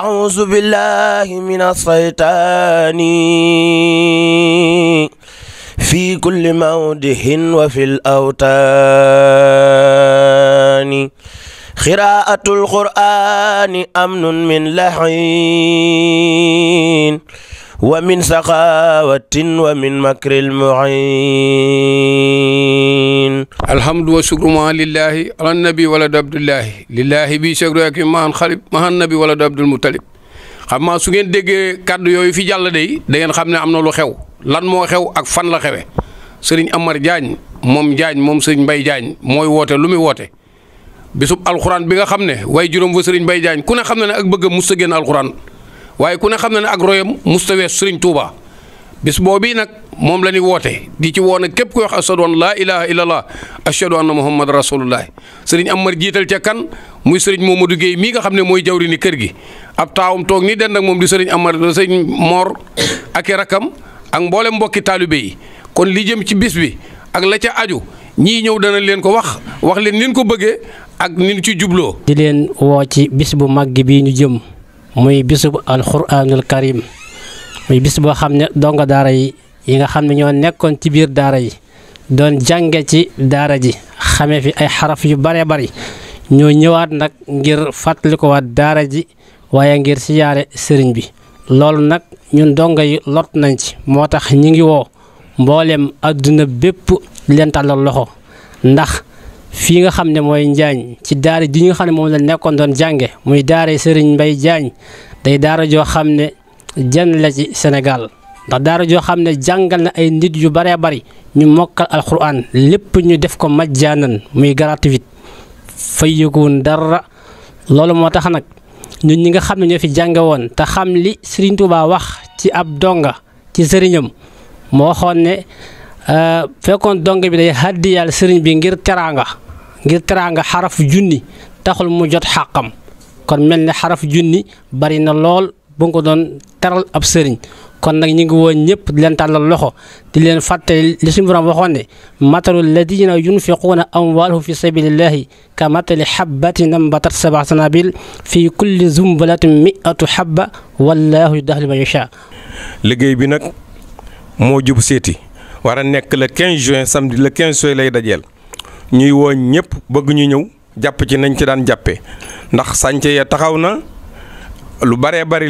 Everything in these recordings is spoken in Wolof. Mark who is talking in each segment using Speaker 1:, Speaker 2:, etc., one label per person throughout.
Speaker 1: أعوذ بالله من الشيطان في كل موده وفي الأوتان قراءة القرآن أمن من لحين ومن سخاوة ومن مكر المعين
Speaker 2: الحمد والشكر مع لله على النبي ولد عبد الله لله بي شكرك مع خليب مع النبي ولد عبد المطلب xam naa su ngeen déggee kàddu yooyu fi jàll day da ngeen xam ne am na lu xew lan moo xew ak fan la xewe sëriñ Amar Diagne moom Diagne moom sëriñ Mbaye Diagne mooy woote lu muy woote bisub alxuraan bi nga xam ne waaye juróom fa sëriñ Mbaye Diagne ku ne xam ne ne ak bëgg a mus a génn alxuraan waaye ku ne xam na ne ak royam mustawees sëriñ Touba bis boobii nag moom la ñu woote di ci woon ak képp kuy wax ashadu an laa ilaha illallah ashadu anna muhammad rasulullah sëriñ Amar jiital ca kan muy sëriñ Momadou Guèye mii nga xam ne mooy jawri ni kër gi ab taawam toog nii den nag moom di sëriñ Amar sëriñ Mor ak i rakam ak mboole mbokki taalibe yi kon li jëm ci bis bi ak la ca aju ñii ñëw dana leen ko wax wax leen nin ko bëggee ak nin ci jubloo.
Speaker 3: di ci bis bu mag bi ñu jëm. muy bisub alxuraanul karim muy bis boo xam ne dongo daara yi yi nga xam ne ñoo nekkoon ci biir daara yi doon jànge ci daara ji xame fi ay xaraf yu bare bari ñoo ñëwaat nag ngir fàttalikuwaat daara ji waaye ngir siyaare sëriñ bi loolu nag ñun dongo yi lot nañ ci moo tax ñi ngi woo mbooleem adduna bépp leen tàllal loxo ndax fii nga xam ne mooy Njaañ ci daara ji nga xam ne moom la nekkoon doon jànge muy daara Serigne mbay Diagne day daara joo xam ne jan ci senegal ndax daara joo xam ne jàngal na ay nit yu bëree bëri ñu mokkal alquran lépp ñu def ko majjaanan muy gratuit fayyikuwun dara loolu moo tax nag ñu ñi nga xam ne ñoo fi jànge woon te xam li Serigne Touba wax ci ab donga ci sëriñam moo waxoon ne فكون دونغ بي داي هادي يال سيرن بي غير ترانغا غير ترانغا حرف جني تاخول مو جوت كن من ملني حرف جوني بارينا لول بونكو دون ترال اب سيرن كون نيغي وون نييب دي لين لوخو دي لين فاتي لي سيم فرام واخون ني ماتر الذين ينفقون امواله في سبيل الله كمثل حبة نبتت سبع سنابل في كل زنبلة مئة حبة والله يدخل من يشاء
Speaker 4: ليغي بي نك مو جوب سيتي war a nekk le 15 juin samedi le 15 juin lay dajeel ñuy wooñ ñëpp bëgg ñu ñëw jàpp ci nañ ci daan jàppe ndax sànce ya taxaw na lu baree bari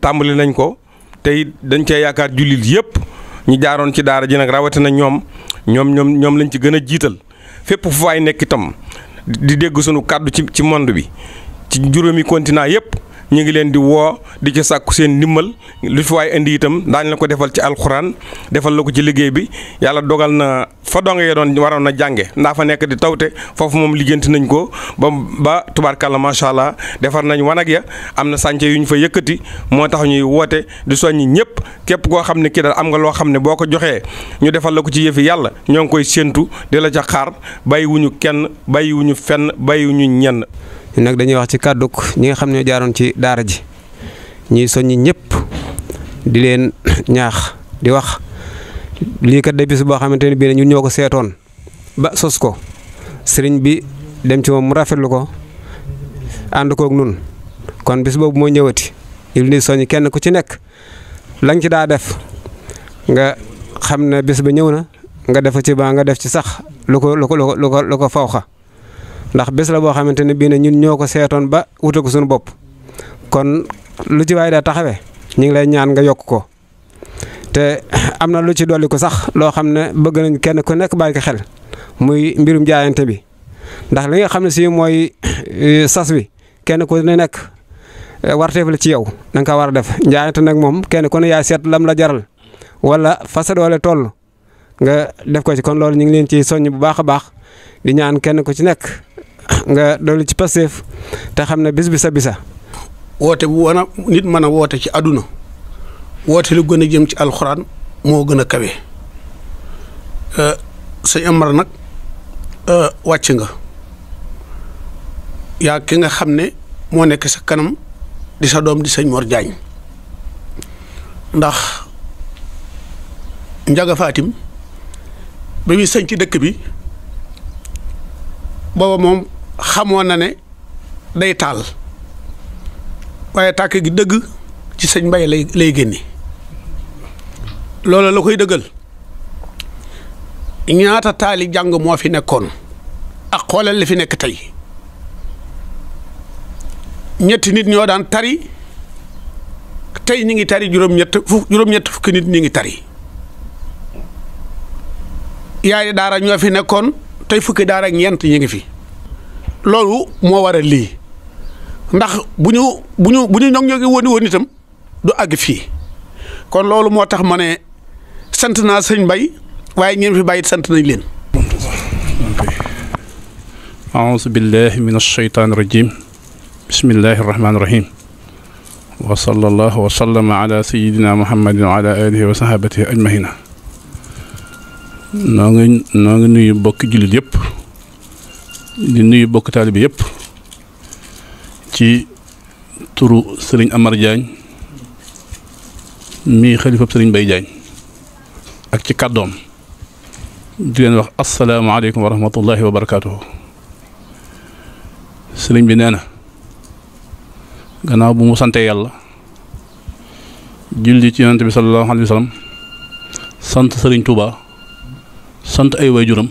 Speaker 4: tàmbali nañ ko tey dañ cee yaakaar jullit yëpp ñu jaaroon ci daara ji nag rawatina ñoom ñoom ñoom ñoom lañ ci gën a jiital fépp fu waay nekk itam di dégg sunu kàddu ci ci monde bi ci juróomi continent yëpp. ñu ngi leen di woo di ca sàkku seen ndimbal lu fi waay indi itam daañu la ko defal ci alxuraan defal la ko ci liggéey bi yàlla dogal na fa donga yee doon waroon a jànge ndaa fa nekk di tawte foofu moom lijjanti nañ ko ba ba tubaarkàlla macha allah defar nañ wanag ya am na sànce yu ñu fa yëkkati moo tax ñuy woote di soññi ñëpp képp koo xam ne kii daal am nga loo xam ne boo ko joxee ñu defal la ko ci yëfi yàlla ñoo ngi koy séentu di la ca xaar kenn bàyyiwuñu fenn bàyyiwuñu ñenn ñun nag dañuy wax ci kàdduk ñi nga xam ne jaaroon ci daara ji ñuy soññi ñépp di leen ñaax di wax lii kat de bis boo xamante ne bii ñun ñoo ko seetoon ba sos ko sëriñ bi dem ci moom mu rafetlu ko ànd koog nun kon bis boobu moo ñëwati il ni soññ kenn ku ci nekk lañ ci daa def nga xam ne bis ba ñëw na nga def ci baa nga def ci sax lu ko lu ko lu ko lu ko ndax bés la boo xamante ne bii ne ñun ñoo ko seetoon ba wutal ko bopp kon lu ci waay daa taxawee ñu ngi lay ñaan nga yokk ko te am na lu ci dolli ko sax loo xam ne bëgg nañ kenn ku nekk bàyyi ko xel muy mbirum jaayante bi ndax li nga xam ne si mooy e, sas wi kenn ku ne nekk e, warteef la ci yow da ko war a def jaayante nag moom kenn ku ne yaay seet lam la jaral wala fa sa doole toll nga def ko ci kon loolu ñu ngi leen ci soññ bu baax a baax di ñaan kenn ku ci nekk. nga dolli ci pasteef te xam ne bis bi sa bisa
Speaker 1: woote bu wana nit mën a woote ci àdduna woote lu gën a jëm ci alxuraan moo gën a kawe euh, sëñ Amar nag euh, wàcc nga yaa ki nga xam ne moo nekk sa kanam di sa doom di sëñ Mor ndax Njaga Fatim ba muy sëñ ci dëkk bi booba moom xamoon na ne day taal waaye tàkk gi dëgg ci sëñ Mbay lay lay génne loolu la koy dëggal ñaata taali jàng moo fi nekkoon ak xoolal li fi nekk tey ñetti nit ñoo daan tari tey ñu ngi tari juróom-ñett fu juróom-ñett fukki nit ñi ngi tari yaay daara ñoo fi nekkoon tay fukki daara ak ñent ñi ngi fi loolu moo waral lii ndax bu ñu bu ñu bu ñu ñoŋ ñoŋi woon woon itam du àgg fii kon loolu moo tax ma ne sant naa sëñ bay waaye ñeen fi bàyyi sant nañ leen.
Speaker 5: أعوذ بالله من الشيطان الرجيم بسم الله الرحمن الرحيم وصلى الله وسلم على سيدنا محمد وعلى آله وصحبه أجمعين noo ngi noo nuyu bokki jullit yépp di nuyu bokki taalibe yëpp ci turu sëriñ Amar Diagne mii xalifab sëriñ Mbaye Diagne ak ci kàddoom di leen wax asalaamaaleykum wa rahmatullahi wa barakaatuhu sëriñ bi nee na gannaaw bu mu sante yàlla julli ci yonent bi sallallahu alayhi wa sant sëriñ Touba sant ay waajuram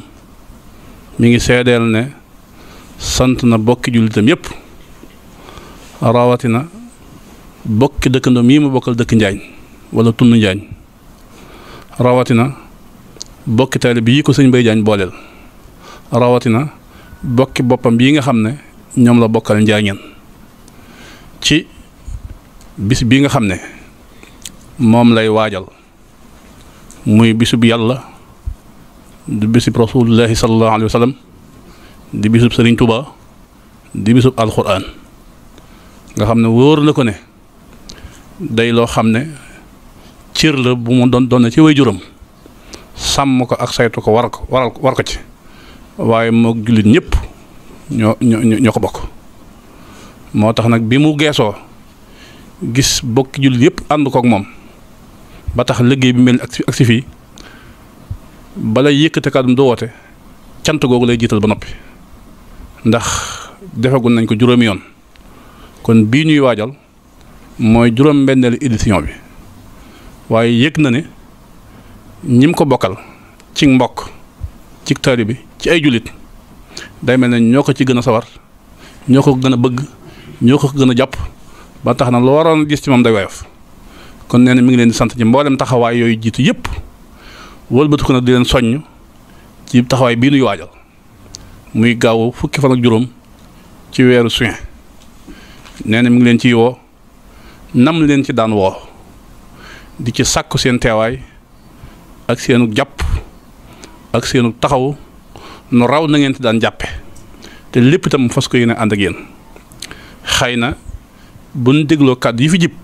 Speaker 5: mi ngi seedeel ne sant na bokki jullitam yépp rawatina bokki dëkkandoom yi ma bokkal dëkk njaañ wala tund njaañ rawatina bokki taalib yi ko sëñ Mbay Jaañ booleel rawatina bokki boppam yi nga xam ne ñoom la bokkal njaañeen ci bis bi nga xam ne moom lay waajal muy bisub yàlla di bisub rasulillahi sallallahu alayhi wa sallam di bisub Serigne Touba di bisub alxuraan nga xam ne wóor na ko ne day loo xam ne cër la bu mu doon doon ci waajuram sàmm ko ak saytu ko war ko waral war ko ci waaye moo jullit ñëpp ñoo ñoo ñoo ko bokk moo tax nag bi mu geesoo gis bokki jullit yëpp ànd kook moom ba tax liggéey bi mel ak si fii balay yëkkate kàddu du woote cant googu lay jiital ba noppi ndax defagul nañ ko juróomi yoon kon bii ñuy waajal mooy juróom benneelu édition bi waaye yëg na ne ñim ko bokkal ci mbokk ci tari bi ci ay jullit day mel na ñoo ko ci gën a sawar ñoo ko gën a bëgg ñoo ko gën a jàpp ba tax na lu waroon gis ci moom day woyof kon nee na mi ngi leen sant ci mboolem taxawaay yooyu jiitu yépp wëlbatu ko nag di leen soññ ci taxawaay bii nuy waajal muy gaaw fukki fan ak juróom ci weeru juin nee na mi ngi leen ci woo nam leen ci daan woo di ci sàkku seen teewaay ak seenu jàpp ak seenu taxaw nu raw na ngeen ci daan jàppe te lépp tam fas ko yéene ànd ak yéen xëy na bu nu dégloo kàdd yi fi jib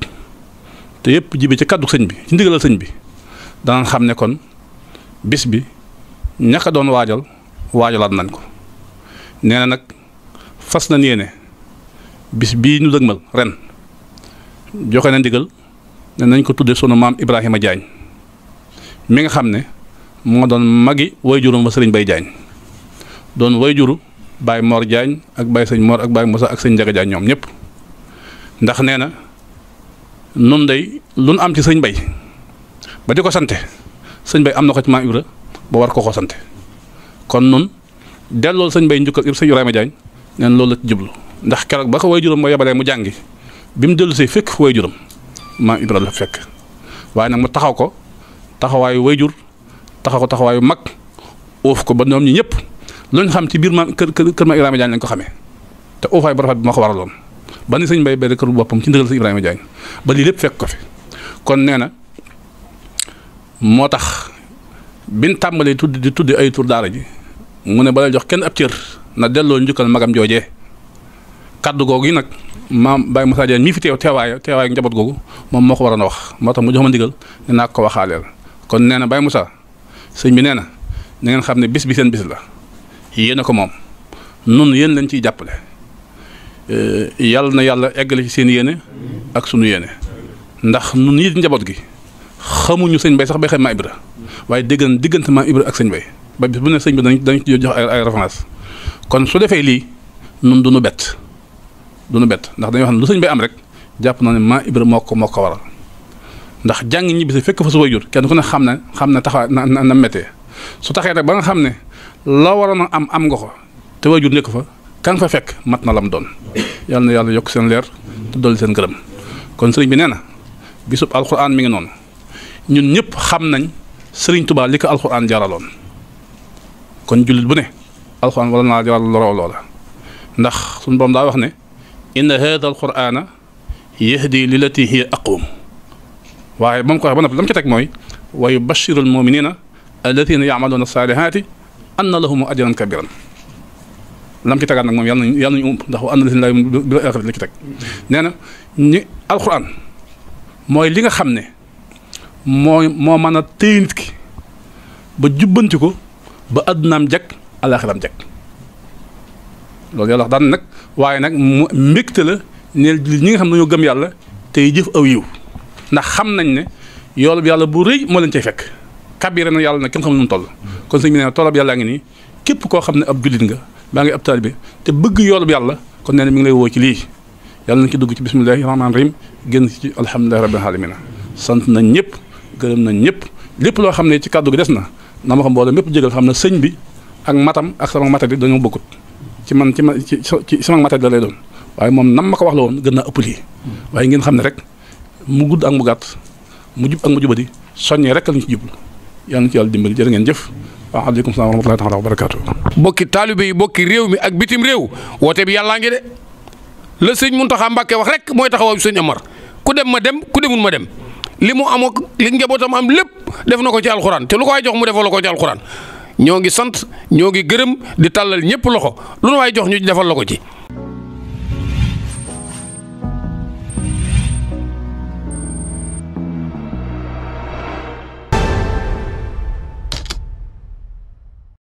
Speaker 5: te yëpp jibe ci kàddu sëñ bi ci ndigalal sëñ bi danañ xam ne kon bis bi ñaka doon waajal waajalaat nañ ko nee na nag fas na yéene bis bii ñu dëgmal ren joxe na ndigal ne nañ ko tudde sunu maam Ibrahima jaañ mi nga xam ne mu moo doon magi way jurum ba sëriñ Bay jaañ doon way juru baay Mor jaañ ak Baye sëñ moor ak baay Moussa ak sëñ Njaga Diagne ñoom ñëpp ndax nee na nun day lu nu am ci sëñ Bay ba di ko sante sëñ bay am na ko ci maam Ibra ba war ko koo sant kon nun delloo sëñ bay njukkal sëñ Ibrahima Diagne neen loolu la ci jublu ndax keroog ba ko way juróom ba yebalee mu jàngi bi mu dellu see fekk way juróom maam Ibra la fekk waaye nag mu taxaw ko taxawaayu way jur taxaw ko taxawaayu mag oof ko ba ñoom ñi ñëpp luñ xam ci biir maam kër kër kër maam Ibrahima Diagne lañ ko xamee te oofaay bu rafet bi ma ko waraloon ba ni sëñ bay bay kër boppam ci ndigal sëñ Ibrahima Diagne ba lii lépp fekk ko fi kon nee na moo tax bin tàmbalee tudd di tudd ay tur daara ji mu ne bala jox kenn ab cër na delloo njukkal magam joojee kaddu googu yi nag maam Baye Moussa Diagne mii fi teew teewaay teewaayu njaboot googu moom moo ko waroon a wax moo tax mu jox ma ndigal ne naa ko waxaaleel kon nee na Baye Moussa sëñ bi nee na na xam ne bis bi seen bis la yéen a ko moom nun yéen lañ ciy jàppale yàlla na yàlla eggale ci seen yéene ak sunu yéene ndax nun yi njaboot gi. xamuñu sëñ bay sax bay xam maam Ibra waaye dégg diggante maam Ibra ak sëñ bay ba bis bu ne bi dañ dañ ci jox ay ay référence kon su defee lii nun du bett du nu bett ndax dañuy wax ne lu sëñ bay am rek jàpp naa ne maam Ibra moo ko moo ko waral ndax jàng ñi bisi fekk fa su way kenn ku ne xam na xam na taxawaay na na méttee su taxee nag ba nga xam ne la waroon a am am nga ko te way jur nekk fa ka nga fekk mat na lam doon yàlla na yàlla yokk seen leer te dolli seen gërëm kon sëriñ bi nee na bisub alxuraan mi ngi noonu ñun ñëpp xam nañ Serigne Touba li ko alxuraan jaraloon kon julit bu ne alxuraan wala naa jaral loroo loola ndax suñ boom daa wax ne inna hada alqurana yahdi lilati hiya aqum waaye ba mu ko wax ba noppi la ci teg mooy wa yubashiru almuminina alladina yamaluna alsalihati an lahum ajran kabiran lam ci tegaat nag moom yàlla nañu yàlla nañu um ndax wa anna lazina laa yu'minuuna bil aaxirati ci teg nee na ñi alxuraan mooy li nga xam ne moo moo mën a téye nit ki ba jubbanti ko ba addunaam jag alaxiram jag loolu yàlla wax daan nag waaye nag mbégte la neel jullit ñi nga xam ne dañoo gëm yàlla tey jëf aw yiw ndax xam nañ ne yoolub yàlla bu rëy moo leen cay fekk kabira na yàlla nag kenn xam ne mu toll kon suñu nee toolab yàllaa ngi nii képp koo xam ne ab jullit nga baa ngi ab taalibe te bëgg yoolub yàlla kon nee na mi ngi lay woo ci lii yàlla nañ ci dugg ci bismillahi rahmaani rahim génn ci alhamdulilahi rabbil alamin sant nañ ñëpp gërëm nañ ñëpp lépp loo xam ne ci kàddu gi des na na ma xam xam sëñ bi ak matam ak sama matadi dañoo bokkut ci man ci ci sama matadi la lay doon waaye moom nam ma ko wax la woon gën naa ëpp lii waaye ngeen xam ne rek mu gudd ak mu gàtt mu jub ak mu jubadi soññee rek lañ ci jublu yàlla na ci yàlla dimbali jërë ngeen jëf waaleykum salaam wa rahmatullahi taala wa barakatuh bokki taalibe yi
Speaker 2: bokki réew mi ak bitim réew woote bi yàllaa ngi de le sëñ Muntaxa Mbàkke wax rek mooy taxawaay sëñ Amar ku dem ma dem ku demul ma dem li mu li njabootam am lépp def na ko ci alxuraan te lu ko waay jox mu defal la ko ci alxuraan ñoo ngi sant ñoo ngi gërëm di tàllal ñëpp loxo lu nu waay jox ñu defal la ko ci.